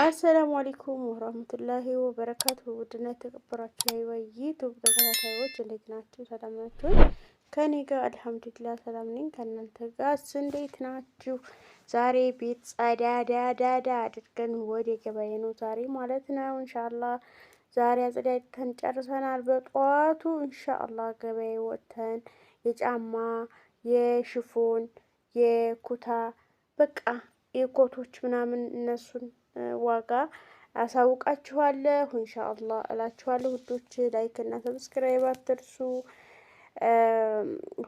አሰላሙ አለይኩም ወራህመቱላሂ ወበረካቱ። ውድና የተከበራችሁ የዋይ ዩቲዩብ ተከታታዮች እንዴት ናችሁ? ሰላም ናችሁ? ከኔ ጋር አልሐምዱሊላህ ሰላም ነኝ። ከእናንተ ጋርስ እንዴት ናችሁ? ዛሬ ቤት ጸዳዳዳዳ አድርገን ወደ ገበያ ነው ዛሬ ማለት ነው። ኢንሻአላህ ዛሬ አጽዳድተን ጨርሰናል። በጠዋቱ ኢንሻአላህ ገበያ ወጥተን የጫማ የሽፎን የኩታ በቃ የኮቶች ምናምን እነሱን ዋጋ አሳውቃችኋለሁ ኢንሻአላህ እላችኋለሁ። ውዶች ላይክ እና ሰብስክራይብ አትርሱ።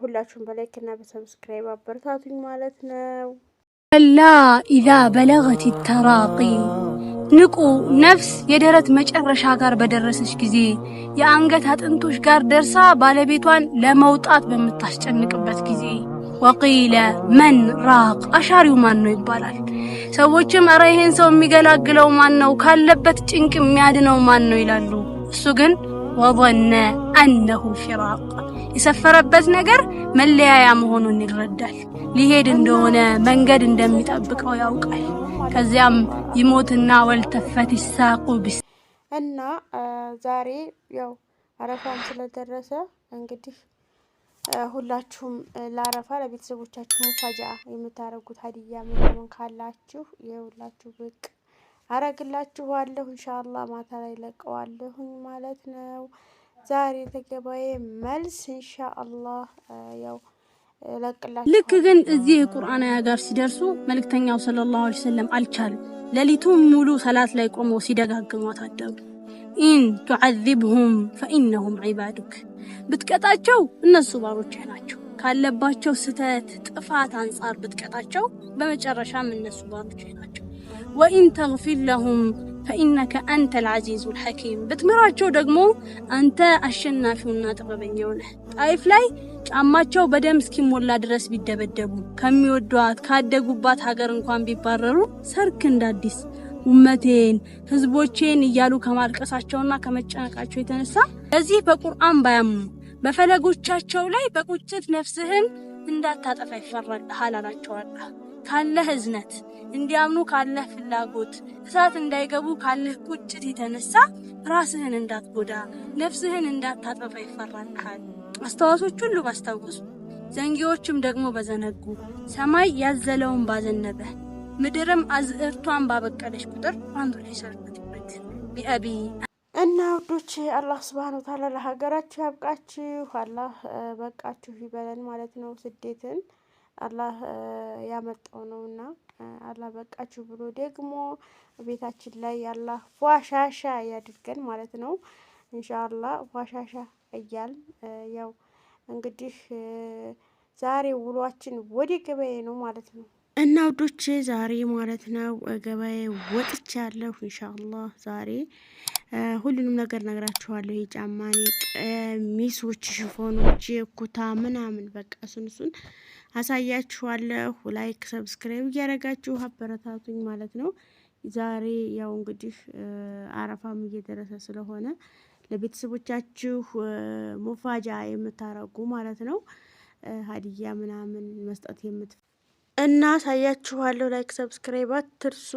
ሁላችሁም በላይክ እና በሰብስክራይብ አበረታቱኝ ማለት ነው። ከላ ኢዛ በለገት ተራቂ ንቁ ነፍስ የደረት መጨረሻ ጋር በደረሰች ጊዜ የአንገት አጥንቶች ጋር ደርሳ ባለቤቷን ለመውጣት በምታስጨንቅበት ጊዜ ወቂለ መን ራቅ አሻሪው ማን ነው ይባላል። ሰዎችም ኧረ ይሄን ሰው የሚገላግለው ማን ነው? ካለበት ጭንቅ የሚያድነው ማን ነው ይላሉ። እሱ ግን ወظነ አነሁ ፊራቅ የሰፈረበት ነገር መለያያ መሆኑን ይረዳል። ሊሄድ እንደሆነ መንገድ እንደሚጠብቀው ያውቃል። ከዚያም ይሞትና ወልተፈት ይሳቁ ቢስ እና ዛሬ ያው አረፋም ስለደረሰ እንግዲህ ሁላችሁም ለአረፋ ለቤተሰቦቻችሁ ሙፋጃ የምታደርጉት ሀዲያ ምናምን ካላችሁ የሁላችሁ ብቅ አረግላችኋለሁ። እንሻላ ማታ ላይ ለቀዋለሁኝ ማለት ነው። ዛሬ ተገባዬ መልስ እንሻአላ ያው ለቅላችሁ። ልክ ግን እዚህ የቁርአን አያ ጋር ሲደርሱ መልእክተኛው ሰለላሁ ዐለይሂ ወሰለም አልቻሉም። ሌሊቱን ሙሉ ሰላት ላይ ቆመው ሲደጋግሟት አደሩ። ኢን ቱዐዚብሁም ፈኢነሁም ዒባዱክ፣ ብትቀጣቸው እነሱ ባሮችህ ናቸው። ካለባቸው ስህተት ጥፋት አንጻር ብትቀጣቸው በመጨረሻም እነሱ ባሮችህ ናቸው። ወኢን ተግፊር ለሁም ፈኢነከ አንተል ዐዚዙል ሐኪም፣ ብትምራቸው ደግሞ አንተ አሸናፊውና ጥበበኛው ነህ። ጣይፍ ላይ ጫማቸው በደም እስኪሞላ ድረስ ቢደበደቡ ከሚወዷት ካደጉባት ሀገር እንኳን ቢባረሩ ሰርክ እንዳዲስ ውመቴን ህዝቦቼን እያሉ ከማልቀሳቸውና ከመጨነቃቸው የተነሳ በዚህ በቁርአን ባያምኑ በፈለጎቻቸው ላይ በቁጭት ነፍስህን እንዳታጠፋ ይፈረድሃል አላቸዋለ ካለህ እዝነት እንዲያምኑ ካለህ ፍላጎት እሳት እንዳይገቡ ካለህ ቁጭት የተነሳ ራስህን እንዳትጎዳ ነፍስህን እንዳታጠፋ ይፈረድሃል አስተዋሶች ሁሉ ባስታወሱ ዘንጊዎችም ደግሞ በዘነጉ ሰማይ ያዘለውን ባዘነበ ምድርም አዝእርቷን ባበቀለች ቁጥር አንዱ ላይ ሰርበትበት ቢአቢ እና ውዶች አላህ ስብሃነ ወተዓላ ለሀገራችሁ ያብቃችሁ። አላህ በቃችሁ ይበለን ማለት ነው። ስደትን አላህ ያመጣው ነው እና አላህ በቃችሁ ብሎ ደግሞ ቤታችን ላይ ያላህ ፏሻሻ እያድርገን ማለት ነው። እንሻአላ ፏሻሻ እያል ያው እንግዲህ ዛሬ ውሏችን ወደ ገበያ ነው ማለት ነው። እና ውዶቼ ዛሬ ማለት ነው ገበያ ያለሁ ኢንሻአላህ ዛሬ ሁሉንም ነገር ነግራችኋለሁ። የጫማኒ ሚሶች፣ ሽፎኖች፣ ኩታ ምናምን በቃ እሱን እሱን አሳያችኋለሁ። ላይክ ሰብስክራይብ እያደረጋችሁ አበረታቱኝ ማለት ነው። ዛሬ ያው እንግዲህ አረፋም እየደረሰ ስለሆነ ለቤተሰቦቻችሁ ሙፋጃ የምታረጉ ማለት ነው ሀዲያ ምናምን መስጠት የምት እና ሳያችኋለሁ። ላይክ ሰብስክራይብ አትርሱ።